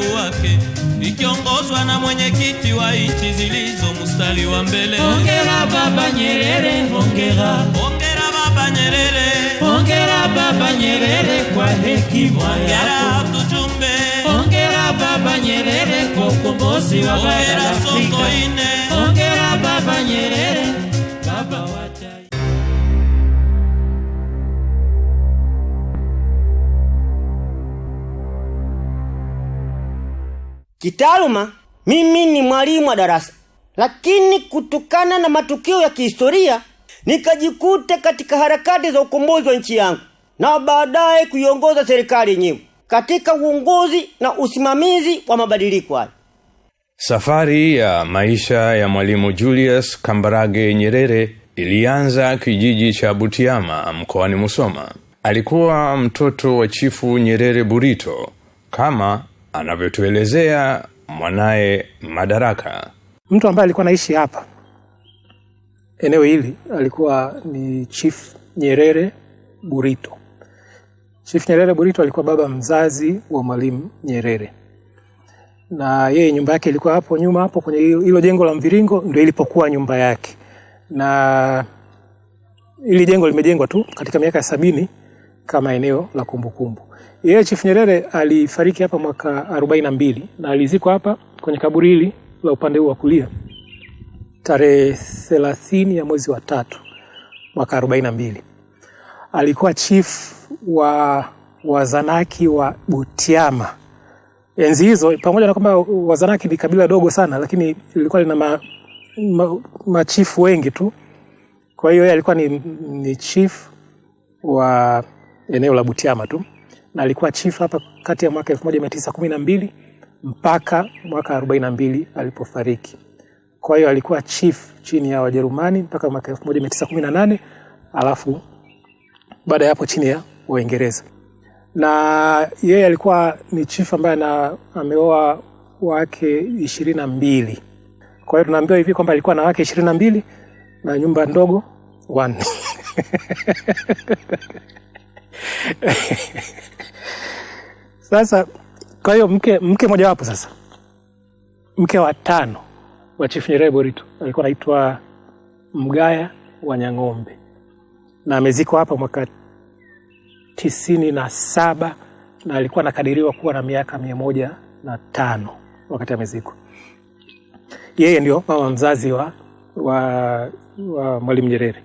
ukuu wake, ikiongozwa na mwenyekiti wa nchi zilizo mstari wa mbele. Hongera Baba Nyerere, hongera. Hongera Baba Nyerere, hongera Baba Nyerere kwa hekima yako. tujumbe. Hongera Baba Nyerere kwa ukombozi wa bara la Afrika. Hongera Ine. Baba Nyerere, baba wa Kitaaluma mimi ni mwalimu wa darasa, lakini kutokana na matukio ya kihistoria nikajikuta katika harakati za ukombozi wa nchi yangu na baadaye kuiongoza serikali yenyewe katika uongozi na usimamizi wa mabadiliko hayo. Safari ya maisha ya Mwalimu Julius Kambarage Nyerere ilianza kijiji cha Butiama mkoani Musoma. Alikuwa mtoto wa Chifu Nyerere Burito kama anavyotuelezea mwanaye Madaraka. Mtu ambaye alikuwa anaishi hapa eneo hili alikuwa ni Chief Nyerere Burito. Chief Nyerere Burito alikuwa baba mzazi wa Mwalimu Nyerere, na yeye nyumba yake ilikuwa hapo nyuma hapo kwenye hilo jengo la mviringo, ndio ilipokuwa nyumba yake, na hili jengo limejengwa tu katika miaka ya sabini kama eneo la kumbukumbu. Yeye Chifu Nyerere alifariki hapa mwaka arobaini na mbili na alizikwa hapa kwenye kaburi hili la upande huu wa kulia tarehe thelathini ya mwezi wa tatu mwaka arobaini na mbili. Alikuwa chifu wa Wazanaki wa Butiama enzi hizo, pamoja na kwamba Wazanaki ni kabila dogo sana, lakini lilikuwa lina ma, ma, machifu wengi tu. Kwa hiyo yeye alikuwa ni, ni chifu wa eneo la Butiama tu, na alikuwa chief hapa kati ya mwaka 1912 mpaka mwaka 42 alipofariki. Kwa hiyo alikuwa chief chini ya Wajerumani mpaka mwaka 1918, alafu baada ya hapo chini ya Waingereza. Na yeye alikuwa ni chief ambaye ameoa wake ishirini na mbili. Kwa hiyo tunaambiwa hivi kwamba alikuwa na wake ishirini na mbili na nyumba ndogo one Sasa kwa hiyo mke mke mojawapo sasa, mke wa tano wa Chief Nyerere Boritu alikuwa anaitwa Mgaya wa Nyang'ombe na amezikwa hapa mwaka tisini na saba na alikuwa anakadiriwa kuwa na miaka mia moja na tano wakati amezikwa. Yeye ndio mama mzazi wa, wa, wa Mwalimu Nyerere.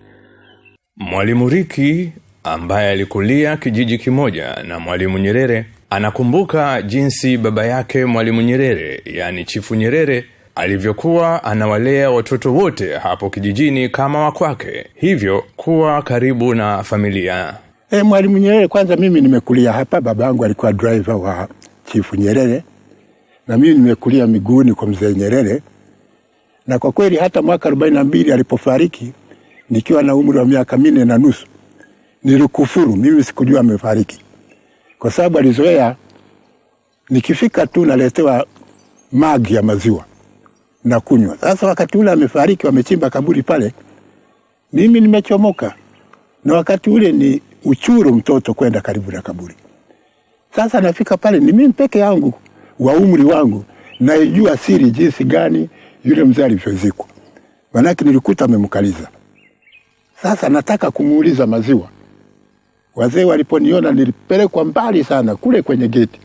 Mwalimu Riki ambaye alikulia kijiji kimoja na mwalimu nyerere anakumbuka jinsi baba yake mwalimu nyerere yaani chifu nyerere alivyokuwa anawalea watoto wote hapo kijijini kama wakwake hivyo kuwa karibu na familia e, mwalimu nyerere kwanza mimi nimekulia hapa baba yangu alikuwa driver wa chifu nyerere na mimi nimekulia miguuni kwa mzee nyerere na kwa kweli hata mwaka arobaini na mbili alipofariki nikiwa na umri wa miaka minne na nusu nilikufuru mimi, sikujua amefariki, kwa sababu alizoea, nikifika tu naletewa magi ya maziwa na kunywa. Sasa wakati ule amefariki, wamechimba kaburi pale, mimi nimechomoka, na wakati ule ni uchuru mtoto kwenda karibu na kaburi. Sasa nafika pale, ni mimi peke yangu wa umri wangu, naijua siri jinsi gani yule mzee alivyozikwa, manake nilikuta amemkaliza. Sasa nataka kumuuliza maziwa Wazee waliponiona nilipelekwa mbali sana kule kwenye geti,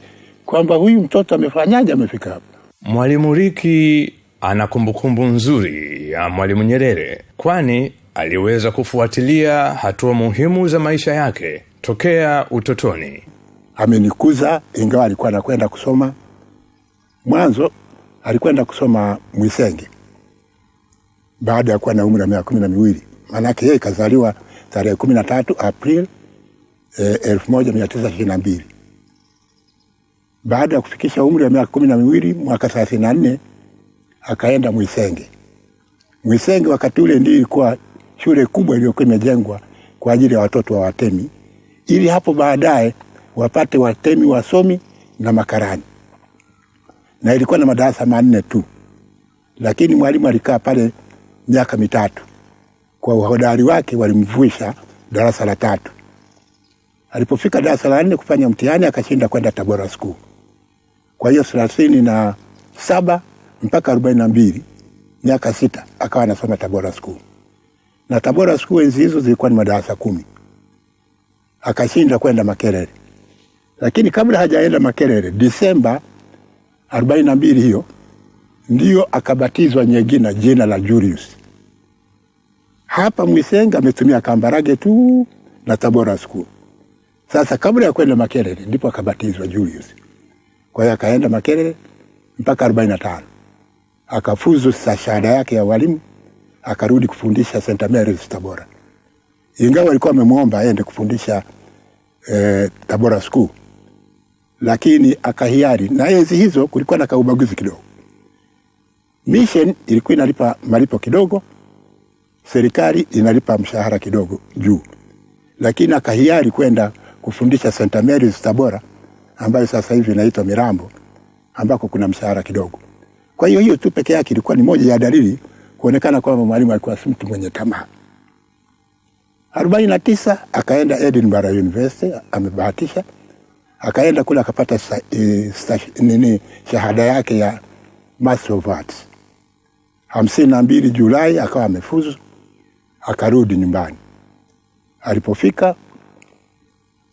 kwamba huyu mtoto amefanyaje amefika hapa. Mwalimu Riki ana kumbukumbu nzuri ya Mwalimu Nyerere, kwani aliweza kufuatilia hatua muhimu za maisha yake tokea utotoni. Amenikuza, ingawa alikuwa anakwenda kusoma mwanzo, alikwenda kusoma Mwisenge baada ya kuwa na umri wa miaka kumi na miwili. Maanake yeye ikazaliwa tarehe kumi na tatu Aprili Eh, elfu moja mia tisa sitini na mbili baada ya kufikisha umri wa miaka kumi na miwili mwaka thelathini na nne akaenda Mwisenge. Mwisenge wakati ule ndio ilikuwa shule kubwa iliyokuwa imejengwa kwa ajili ya watoto wa watemi, ili hapo baadaye wapate watemi wasomi na makarani, na ilikuwa na madarasa manne tu, lakini mwalimu alikaa pale miaka mitatu. Kwa uhodari wake walimvuisha darasa la tatu Alipofika darasa la nne kufanya mtihani akashinda kwenda Tabora School. Kwa hiyo thelathini na saba mpaka arobaini na mbili miaka sita akawa anasoma Tabora School, na Tabora School enzi hizo zilikuwa ni madarasa kumi. Akashinda kwenda Makerere, lakini kabla hajaenda Makerere, Disemba arobaini na mbili hiyo ndio akabatizwa Nyegina, jina la Julius. Hapa Mwisenga ametumia Kambarage tu na Tabora School. Sasa kabla ya kwenda Makerere ndipo akabatizwa Julius. Kwa hiyo akaenda Makerere mpaka tano Akafuzu shahada yake ya walimu, akarudi kufundisha St. Mary's Tabora. Ingawa walikuwa wamemwomba aende kufundisha eh, Tabora School. Lakini akahiari na enzi hizo kulikuwa na kaubaguzi kidogo. Mission ilikuwa inalipa malipo kidogo, serikali inalipa mshahara kidogo juu. Lakini akahiari kwenda kufundisha St. Mary's Tabora ambayo sasa hivi inaitwa Mirambo ambako kuna mshahara kidogo. Kwa hiyo hiyo tu peke yake ilikuwa ni moja ya dalili kuonekana kwamba mwalimu alikuwa si mtu mwenye tamaa. Arobaini na tisa akaenda Edinburgh University, amebahatisha akaenda kule akapata sa, e, nini shahada yake ya Master of Arts. hamsini na mbili Julai akawa amefuzu, akarudi nyumbani. Alipofika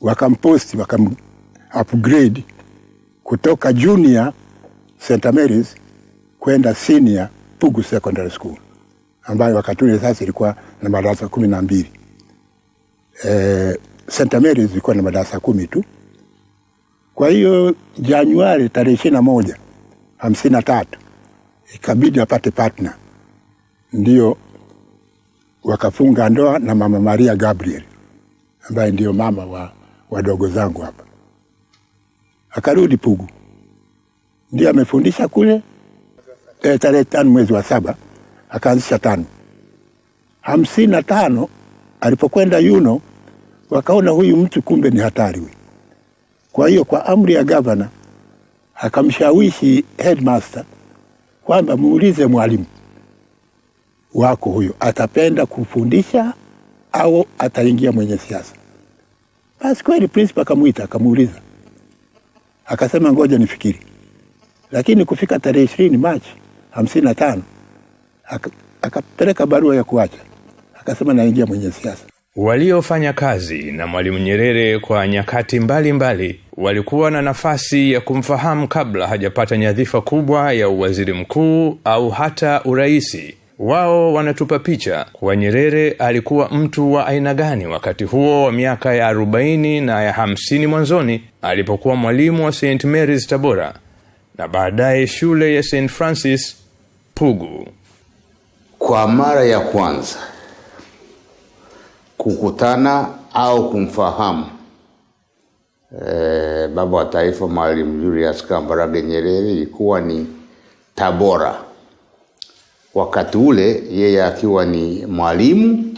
wakamposti wakam upgrade kutoka junior St Mary's kwenda senior Pugu Secondary School ambayo wakati ule sasa ilikuwa na madarasa kumi na mbili. E, eh, St Mary's ilikuwa na madarasa kumi tu. Kwa hiyo Januari tarehe ishirini na moja hamsini na tatu ikabidi apate partner, ndio wakafunga ndoa na Mama Maria Gabriel ambaye ndio mama wa wadogo zangu hapa. Akarudi Pugu, ndio amefundisha kule e, tarehe tano mwezi wa saba akaanzisha tano hamsini na tano alipokwenda Yuno wakaona huyu mtu kumbe ni hatari huyu. Kwa hiyo kwa amri ya gavana akamshawishi headmaster kwamba muulize mwalimu wako huyo atapenda kufundisha au ataingia mwenye siasa. Basi kweli principal akamwita akamuuliza, akasema ngoja nifikiri. Lakini kufika tarehe ishirini Machi hamsini na tano akapeleka barua ya kuacha, akasema naingia mwenye siasa. Waliofanya kazi na Mwalimu Nyerere kwa nyakati mbalimbali mbali, walikuwa na nafasi ya kumfahamu kabla hajapata nyadhifa kubwa ya uwaziri mkuu au hata uraisi wao wanatupa picha kuwa nyerere alikuwa mtu wa aina gani wakati huo wa miaka ya 40 na ya 50 mwanzoni alipokuwa mwalimu wa st marys tabora na baadaye shule ya st francis pugu kwa mara ya kwanza kukutana au kumfahamu e, baba wa taifa mwalimu julius kambarage nyerere ilikuwa ni tabora wakati ule yeye akiwa ni mwalimu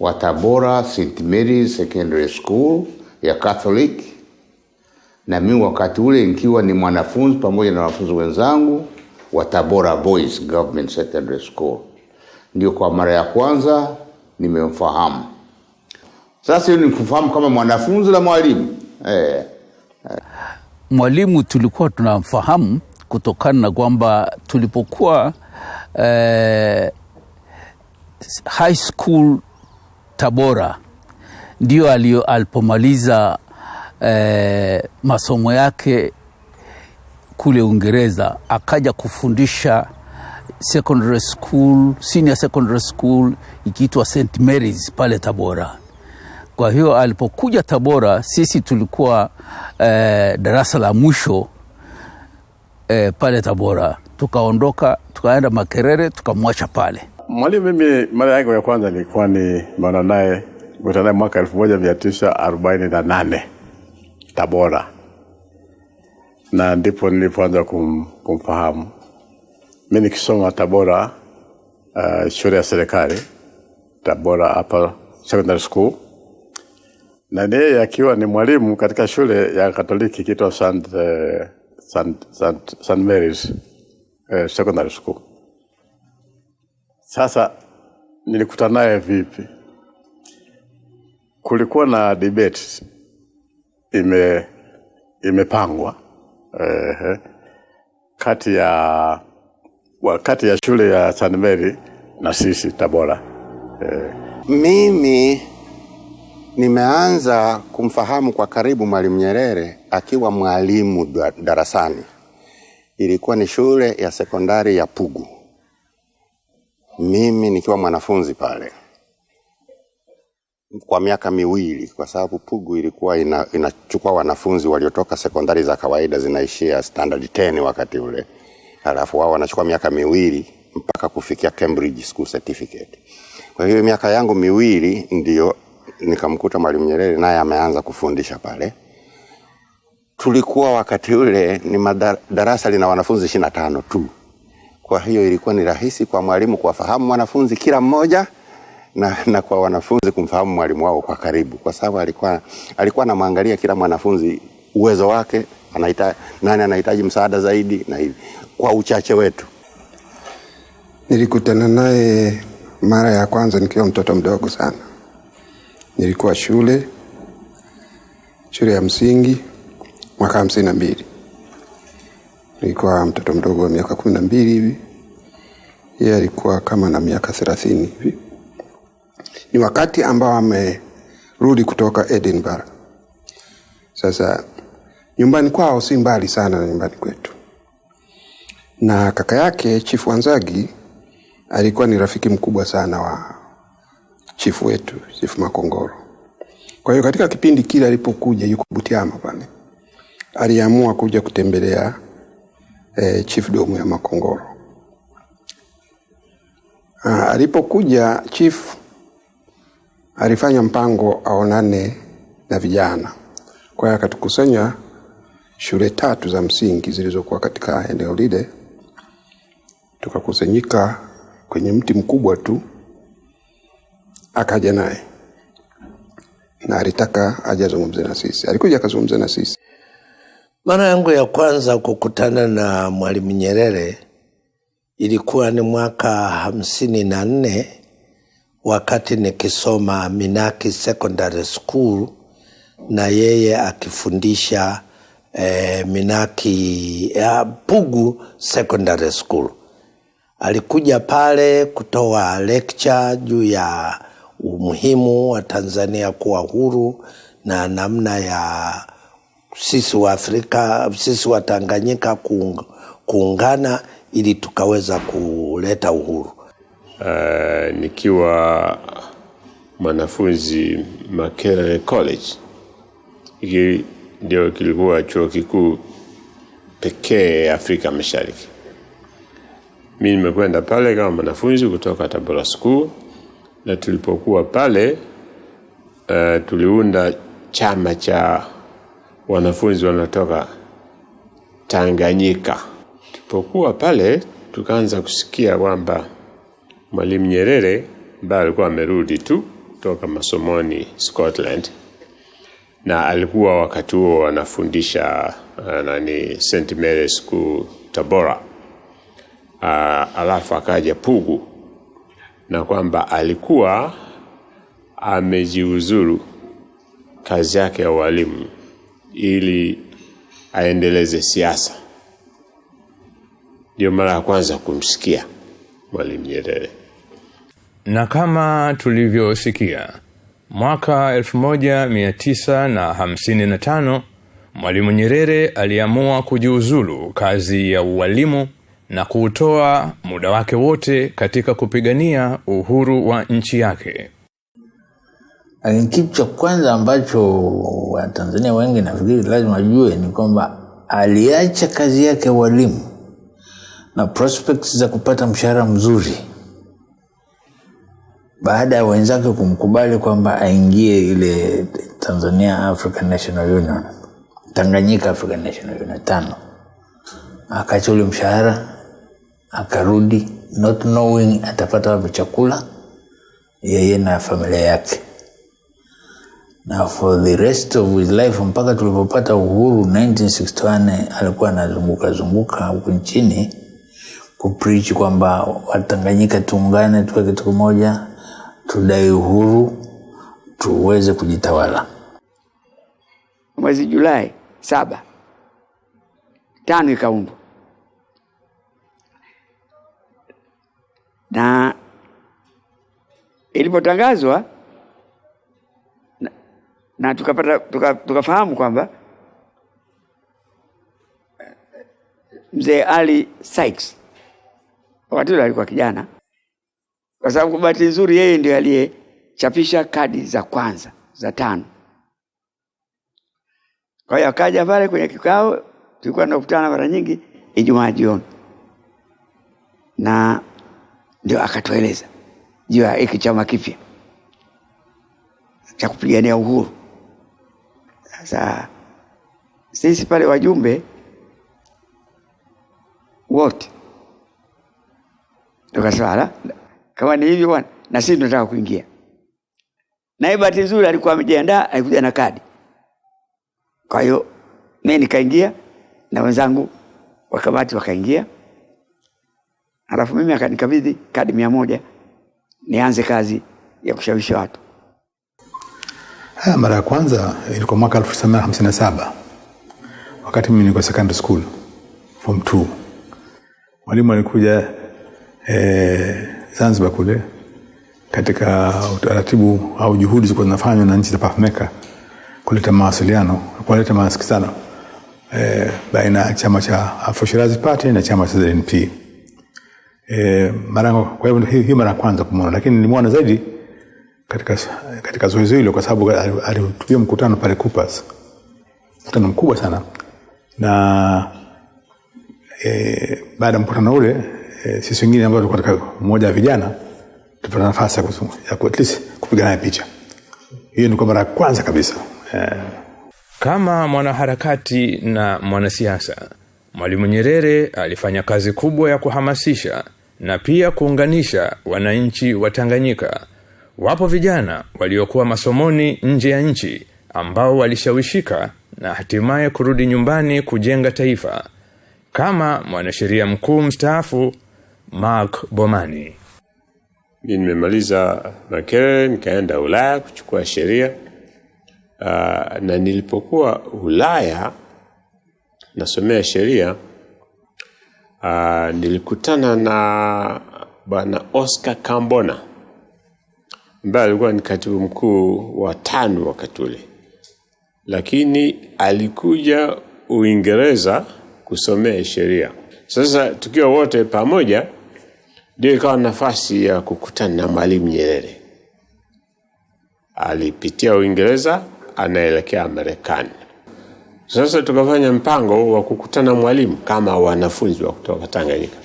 wa Tabora St Mary Secondary School ya Catholic, na mimi wakati ule nikiwa ni mwanafunzi pamoja na wanafunzi wenzangu wa Tabora Boys Government Secondary School, ndio kwa mara ya kwanza nimemfahamu. Sasa hiyo nikufahamu kama mwanafunzi na mwalimu eh. Mwalimu tulikuwa tunamfahamu kutokana na kwamba tulipokuwa eh, high school Tabora ndio alipomaliza eh, masomo yake kule Uingereza, akaja kufundisha secondary school, senior secondary school ikiitwa St Mary's pale Tabora. Kwa hiyo alipokuja Tabora, sisi tulikuwa eh, darasa la mwisho e, pale Tabora, tukaondoka tukaenda Makerere, tukamwacha pale mwalimu. Mimi mara yangu ya kwanza nilikuwa ni Mananaye Mtandae mwaka elfu moja mia tisa arobaini na nane Tabora, na ndipo nilipoanza kum, kumfahamu. Mi nikisoma Tabora uh, shule ya serikali Tabora hapa secondary school, na niyeye akiwa ni mwalimu katika shule ya Katoliki kitwa St St. St. St. Mary's eh, Secondary School. Sasa nilikutana naye vipi? Kulikuwa na debate ime imepangwa eh, kati ya kati ya shule ya St. Mary na sisi Tabora eh. Mimi Nimeanza kumfahamu kwa karibu Mwalimu Nyerere akiwa mwalimu darasani. Ilikuwa ni shule ya sekondari ya Pugu, mimi nikiwa mwanafunzi pale kwa miaka miwili, kwa sababu Pugu ilikuwa ina, inachukua wanafunzi waliotoka sekondari za kawaida zinaishia standard 10 wakati ule, halafu wao wanachukua miaka miwili mpaka kufikia Cambridge School Certificate. Kwa hiyo miaka yangu miwili ndiyo nikamkuta Mwalimu Nyerere naye ameanza kufundisha pale. Tulikuwa wakati ule ni madarasa lina wanafunzi ishirini na tano tu, kwa hiyo ilikuwa ni rahisi kwa mwalimu kuwafahamu wanafunzi kila mmoja na, na kwa wanafunzi kumfahamu mwalimu wao kwa karibu, kwa sababu alikuwa alikuwa anamwangalia kila mwanafunzi uwezo wake, anaita, nani anahitaji msaada zaidi na hivi. Kwa uchache wetu nilikutana naye mara ya kwanza nikiwa mtoto mdogo sana nilikuwa shule shule ya msingi mwaka hamsini na mbili nilikuwa mtoto mdogo wa miaka kumi na mbili hivi yeye alikuwa kama na miaka thelathini hivi ni wakati ambao amerudi kutoka edinburgh sasa nyumbani kwao si mbali sana na nyumbani kwetu na kaka yake chifu wanzagi alikuwa ni rafiki mkubwa sana wa chifu wetu Chifu Makongoro. Kwa hiyo katika kipindi kile alipokuja yuko Butiama pale, aliamua kuja kutembelea e, eh, chifu domu ya Makongoro. Ah, alipokuja chifu alifanya mpango aonane na vijana. Kwa hiyo akatukusanya shule tatu za msingi zilizokuwa katika eneo lile, tukakusanyika kwenye mti mkubwa tu akaja naye na alitaka aje azungumze na sisi. Alikuja akazungumza na sisi. Mara yangu ya kwanza kukutana na Mwalimu Nyerere ilikuwa ni mwaka hamsini na nne wakati nikisoma Minaki Secondary School na yeye akifundisha eh, Minaki eh, Pugu Secondary School. Alikuja pale kutoa lecture juu ya umuhimu wa Tanzania kuwa huru na namna ya sisi wa Afrika, sisi wa Tanganyika kuungana ili tukaweza kuleta uhuru. Uh, nikiwa mwanafunzi Makerere College, hiki ndio kilikuwa chuo kikuu pekee Afrika Mashariki. Mi nimekwenda pale kama mwanafunzi kutoka Tabora School na tulipokuwa pale uh, tuliunda chama cha wanafunzi wanatoka Tanganyika. Tulipokuwa pale tukaanza kusikia kwamba Mwalimu Nyerere ambaye alikuwa amerudi tu kutoka masomoni Scotland, na alikuwa wakati huo anafundisha eh, nani St Mary's School Tabora, uh, alafu akaja Pugu na kwamba alikuwa amejiuzuru kazi yake ya ualimu ili aendeleze siasa. Ndio mara ya kwanza kumsikia Mwalimu Nyerere. Na kama tulivyosikia, mwaka 1955 Mwalimu Nyerere aliamua kujiuzulu kazi ya ualimu na kuutoa muda wake wote katika kupigania uhuru wa nchi yake kitu cha kwanza ambacho watanzania wengi nafikiri lazima jue ni kwamba aliacha kazi yake walimu na prospects za kupata mshahara mzuri baada ya wenzake kumkubali kwamba aingie ile tanzania african national union tanganyika african national union tano akacha ule mshahara akarudi not knowing atapata wapi chakula yeye na familia yake na for the rest of his life mpaka tulipopata uhuru 1961 alikuwa anazunguka zunguka huku nchini kupreach kwamba watanganyika tuungane tuwe kitu kimoja tudai uhuru tuweze kujitawala mwezi julai saba tano ikaundwa na ilipotangazwa na, na tukapata tukafahamu kwamba eh, mzee Ali Sykes wakati ule alikuwa kijana, kwa sababu bahati nzuri yeye ndio aliyechapisha kadi za kwanza za tano. Kwa hiyo akaja pale kwenye kikao, tulikuwa tunakutana mara nyingi Ijumaa jioni na ndio akatueleza juu ya hiki chama kipya cha kupigania uhuru. Sasa sisi pale wajumbe wote tukasala kama ni hivyo bwana, na sisi tunataka kuingia. Na bahati nzuri alikuwa amejiandaa, alikuja na kadi. Kwa hiyo mimi nikaingia na wenzangu wa kamati wakaingia alafu mimi akanikabidhi kadi mia moja nianze kazi ya kushawishi watu. Ha, ah, mara ya kwanza ilikuwa mwaka 1957 wakati mimi niko secondary school form 2. Mwalimu alikuja eh, Zanzibar kule katika utaratibu au juhudi zilikuwa zinafanywa na nchi za pafmeka kuleta mawasiliano, kuleta masikizano eh, baina ya chama cha Afro Shirazi Party na chama cha ZNP e, mara kwa hivyo hiyo mara ya kwanza kumwona lakini nilimwona zaidi katika, katika zoezi hilo kwa sababu alihutubia mkutano pale Coopers mkutano mkubwa sana na e, baada ya mkutano ule e, sisi wengine ambao tulikuwa katika mmoja wa vijana tupata nafasi ya, ya at least kupiga naye picha hiyo ni kwa mara ya kwanza kabisa e. kama mwanaharakati na mwanasiasa mwalimu nyerere alifanya kazi kubwa ya kuhamasisha na pia kuunganisha wananchi wa Tanganyika. Wapo vijana waliokuwa masomoni nje ya nchi ambao walishawishika na hatimaye kurudi nyumbani kujenga taifa kama mwanasheria mkuu mstaafu Mark Bomani. mi nimemaliza Makerere nikaenda Ulaya kuchukua sheria uh, na nilipokuwa Ulaya nasomea sheria uh, nilikutana na bwana Oscar Kambona ambaye alikuwa ni katibu mkuu wa tano wakati ule, lakini alikuja Uingereza kusomea sheria. Sasa tukiwa wote pamoja, ndio ikawa nafasi ya kukutana na Mwalimu Nyerere. Alipitia Uingereza anaelekea Marekani. Sasa tukafanya mpango wa kukutana mwalimu kama wanafunzi wa kutoka Tanganyika.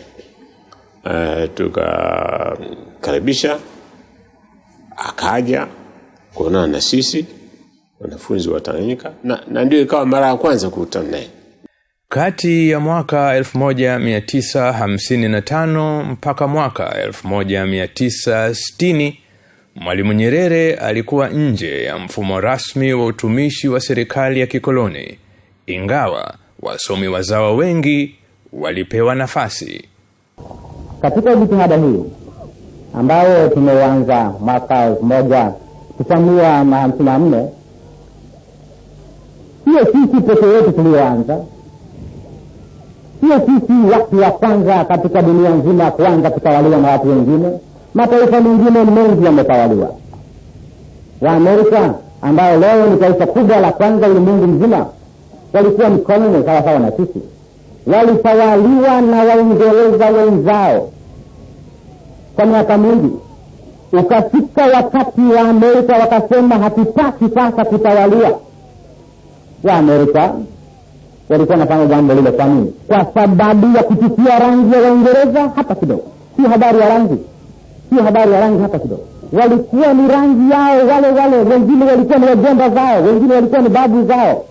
Uh, tukakaribisha akaja kuonana na sisi wanafunzi wa Tanganyika na, na ndio ikawa mara ya kwanza kukutana naye. Kati ya mwaka 1955 mpaka mwaka 1960 Mwalimu Nyerere alikuwa nje ya mfumo rasmi wa utumishi wa serikali ya kikoloni ingawa wasomi wazawa wengi walipewa nafasi. Katika jitihada hii ambayo tumeanza mwaka elfu moja tisamia na hamsini na nne, sio sisi peke yetu tulioanza, sio sisi watu wa kwanza katika dunia nzima kuanza kutawaliwa na watu wengine. Mataifa mengine mengi yametawaliwa. Waamerika ambayo leo ni taifa kubwa la kwanza ulimwengu mzima walikuwa mkoloni sawasawa na sisi, walitawaliwa na Waingereza wenzao kwa miaka mingi. Ukafika wakati wa Amerika wakasema, hatutaki sasa kutawaliwa. Waamerika walikuwa wanafanya jambo lile. Kwa nini? Kwa sababu ya kuchukia rangi ya Waingereza hata kidogo. Si habari ya rangi, si habari ya rangi hata kidogo. Walikuwa ni rangi yao wale wale, wengine walikuwa ni wajomba zao, wengine walikuwa ni babu zao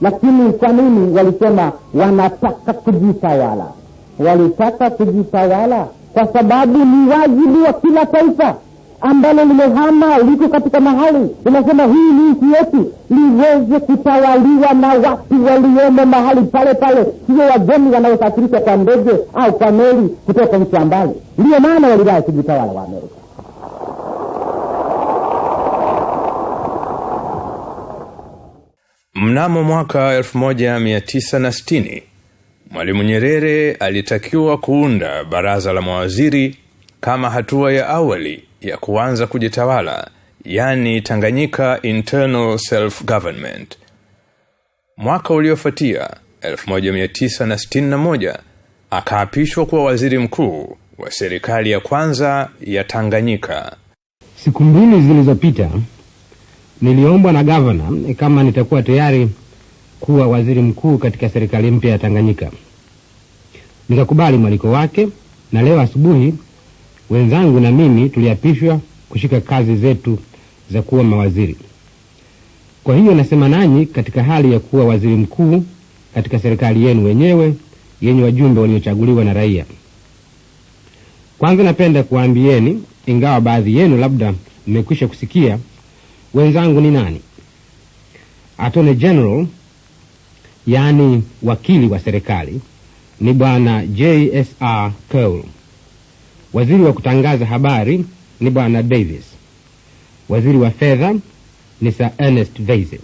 lakini kwa nini walisema wanataka kujitawala? Walitaka kujitawala kwa sababu ni wajibu wa kila taifa ambalo limehama liko katika mahali inasema hii ni nchi yetu, liweze kutawaliwa na watu waliomo mahali pale pale, sio wageni wanaosafirishwa kwa ndege au kwa meli kutoka nchi ambali. Ndiyo maana walidaa kujitawala wa Amerika. Mnamo mwaka 1960 Mwalimu Nyerere alitakiwa kuunda baraza la mawaziri kama hatua ya awali ya kuanza kujitawala, yani Tanganyika Internal Self Government. Mwaka uliofuatia 1961 akaapishwa kuwa waziri mkuu wa serikali ya kwanza ya Tanganyika. Siku mbili zilizopita Niliombwa na gavana eh, kama nitakuwa tayari kuwa waziri mkuu katika serikali mpya ya Tanganyika. Nikakubali mwaliko wake, na leo asubuhi wenzangu na mimi tuliapishwa kushika kazi zetu za kuwa mawaziri. Kwa hiyo nasema nanyi katika hali ya kuwa waziri mkuu katika serikali yenu wenyewe yenye wajumbe waliochaguliwa na raia. Kwanza napenda kuwaambieni, ingawa baadhi yenu labda mmekwisha kusikia wenzangu ni nani? Attorney General, yaani wakili wa serikali ni bwana JSR Cole. Waziri wa kutangaza habari ni bwana Davis. Waziri wa fedha ni Sir Ernest Veise.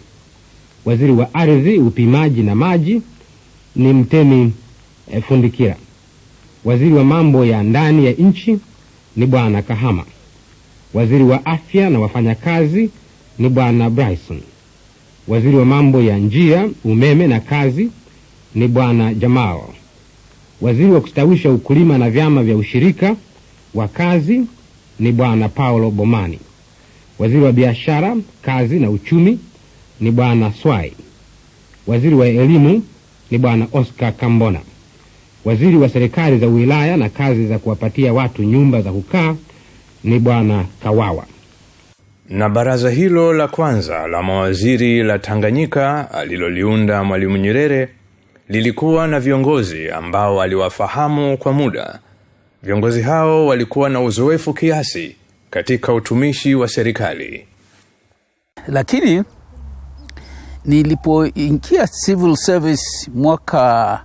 Waziri wa ardhi, upimaji na maji ni mtemi eh, Fundikira. Waziri wa mambo ya ndani ya nchi ni bwana Kahama. Waziri wa afya na wafanyakazi ni Bwana Bryson. Waziri wa mambo ya njia, umeme na kazi ni Bwana Jamao. Waziri wa kustawisha ukulima na vyama vya ushirika wa kazi ni Bwana Paulo Bomani. Waziri wa biashara, kazi na uchumi ni Bwana Swai. Waziri wa elimu ni Bwana Oscar Kambona. Waziri wa serikali za wilaya na kazi za kuwapatia watu nyumba za kukaa ni Bwana Kawawa na baraza hilo la kwanza la mawaziri la Tanganyika aliloliunda Mwalimu Nyerere lilikuwa na viongozi ambao aliwafahamu kwa muda. Viongozi hao walikuwa na uzoefu kiasi katika utumishi wa serikali. Lakini nilipoingia civil service mwaka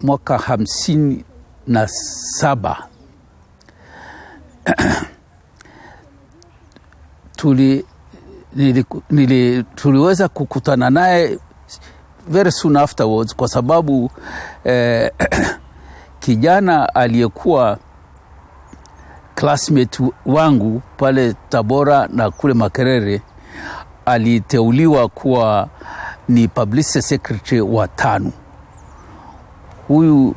mwaka hamsini na saba tuli, nili, nili, tuliweza kukutana naye very soon afterwards kwa sababu eh, kijana aliyekuwa classmate wangu pale Tabora na kule Makerere aliteuliwa kuwa ni publicity secretary wa tano Huyu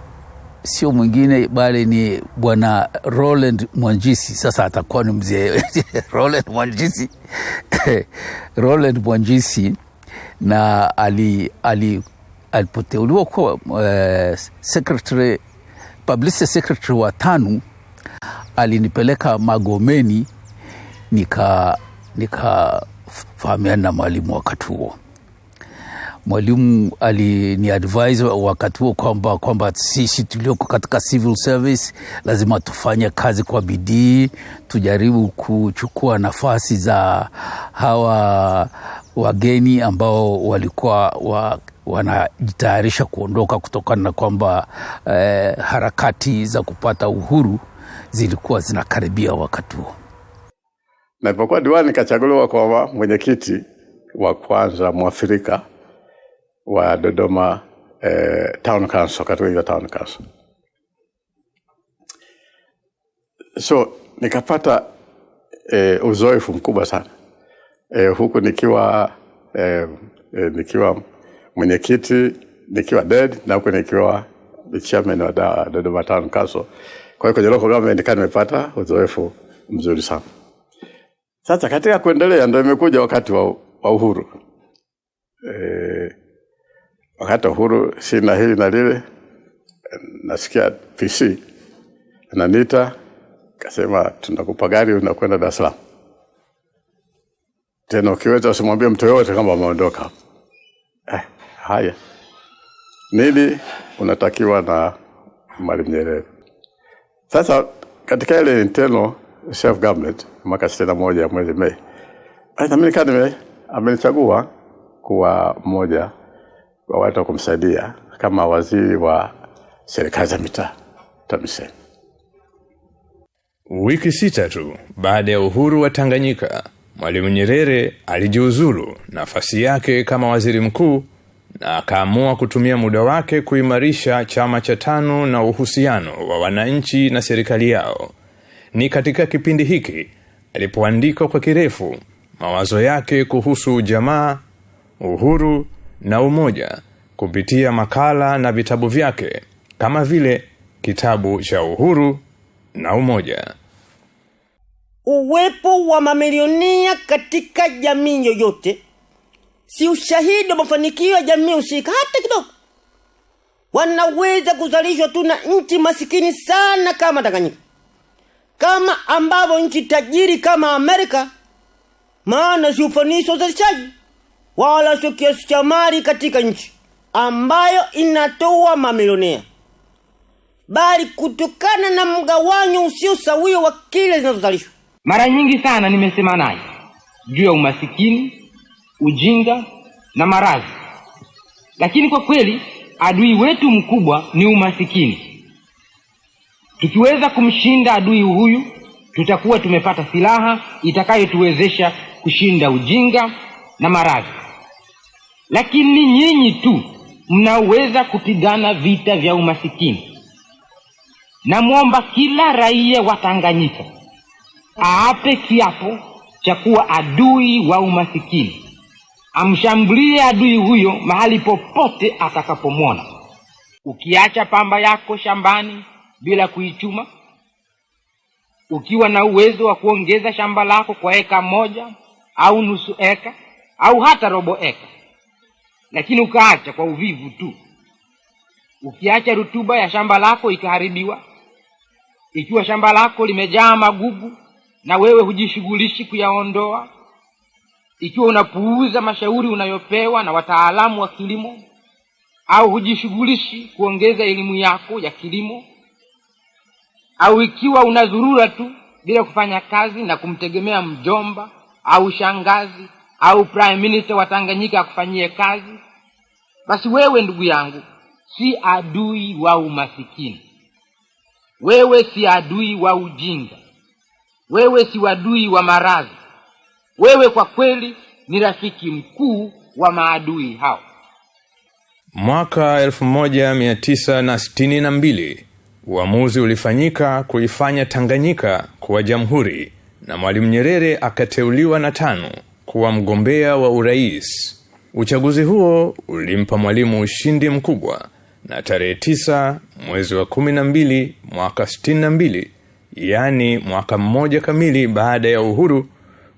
sio mwingine bali ni bwana Roland Mwanjisi. Sasa atakuwa ni mzee Roland Mwanjisi Roland Mwanjisi na ali, ali, alipoteuliwa kuwa uh, secretary, secretary wa TANU alinipeleka Magomeni nika na mwalimu wakati huo mwalimu advise wakati huo kwamba kwamba sisi tulioko katika civil service lazima tufanye kazi kwa bidii, tujaribu kuchukua nafasi za hawa wageni ambao walikuwa wa wanajitayarisha kuondoka kutokana na kwamba eh, harakati za kupata uhuru zilikuwa zinakaribia wakati huo. Nalipokuwa diwani, nikachaguliwa kwa mwenyekiti wa kwanza mwafrika wa Dodoma eh, town council, Katuiva town council. So nikapata eh, uzoefu mkubwa sana eh, huku nikiwa eh, eh, nikiwa mwenyekiti nikiwa dead na huku nikiwa chairman wa Dodoma town council. Kwa hiyo kwenye local government nikaa nimepata uzoefu mzuri sana. Sasa katika kuendelea ndio imekuja wakati wa, wa uhuru eh, wakati huru sina hili na lile nasikia PC ananita kasema tunakupa gari unakwenda Dar es Salaam tena ukiweza usimwambie mtu yoyote kama ameondoka eh, haya nili unatakiwa na Mwalimu Nyerere sasa katika ile internal self government mwaka sitini na moja mwezi Mei, nami nikaa amenichagua kuwa mmoja wa watu kumsaidia kama waziri wa serikali za mitaa TAMISEMI. Wiki sita tu baada ya uhuru wa Tanganyika, Mwalimu Nyerere alijiuzulu nafasi yake kama waziri mkuu na akaamua kutumia muda wake kuimarisha chama cha TANU na uhusiano wa wananchi na serikali yao. Ni katika kipindi hiki alipoandika kwa kirefu mawazo yake kuhusu jamaa, uhuru na umoja kupitia makala na vitabu vyake kama vile kitabu cha uhuru na umoja uwepo wa mamilionia katika jamii yoyote si ushahidi wa mafanikio ya jamii husika hata kidogo wanaweza kuzalishwa tu na nchi masikini sana kama tanganyika kama ambavyo nchi tajiri kama amerika maana si ufanisi wa uzalishaji wala sio kiasi cha mali katika nchi ambayo inatoa mamilionea, bali kutokana na mgawanyo usio sawio wa kile zinazozalishwa. Mara nyingi sana nimesema naye juu ya umasikini, ujinga na maradhi, lakini kwa kweli adui wetu mkubwa ni umasikini. Tukiweza kumshinda adui huyu, tutakuwa tumepata silaha itakayotuwezesha kushinda ujinga na maradhi lakini nyinyi tu mnaweza kupigana vita vya umasikini. Namwomba kila raia wa Tanganyika aape kiapo cha kuwa adui wa umasikini, amshambulie adui huyo mahali popote atakapomwona. Ukiacha pamba yako shambani bila kuichuma, ukiwa na uwezo wa kuongeza shamba lako kwa eka moja au nusu eka au hata robo eka lakini ukaacha kwa uvivu tu ukiacha rutuba ya shamba lako ikaharibiwa ikiwa shamba lako limejaa magugu na wewe hujishughulishi kuyaondoa ikiwa unapuuza mashauri unayopewa na wataalamu wa kilimo au hujishughulishi kuongeza elimu yako ya kilimo au ikiwa unazurura tu bila kufanya kazi na kumtegemea mjomba au shangazi au prime minister wa Tanganyika akufanyie kazi, basi wewe ndugu yangu si adui wa umasikini, wewe si adui wa ujinga, wewe si adui wa maradhi, wewe kwa kweli ni rafiki mkuu wa maadui hao. Mwaka 1962 uamuzi ulifanyika kuifanya Tanganyika kuwa jamhuri na Mwalimu Nyerere akateuliwa na tano kuwa mgombea wa urais. Uchaguzi huo ulimpa Mwalimu ushindi mkubwa na tarehe tisa mwezi wa kumi na mbili mwaka sitini na mbili yaani mwaka mmoja kamili baada ya uhuru,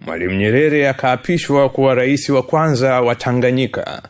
Mwalimu Nyerere akaapishwa kuwa rais wa kwanza wa Tanganyika.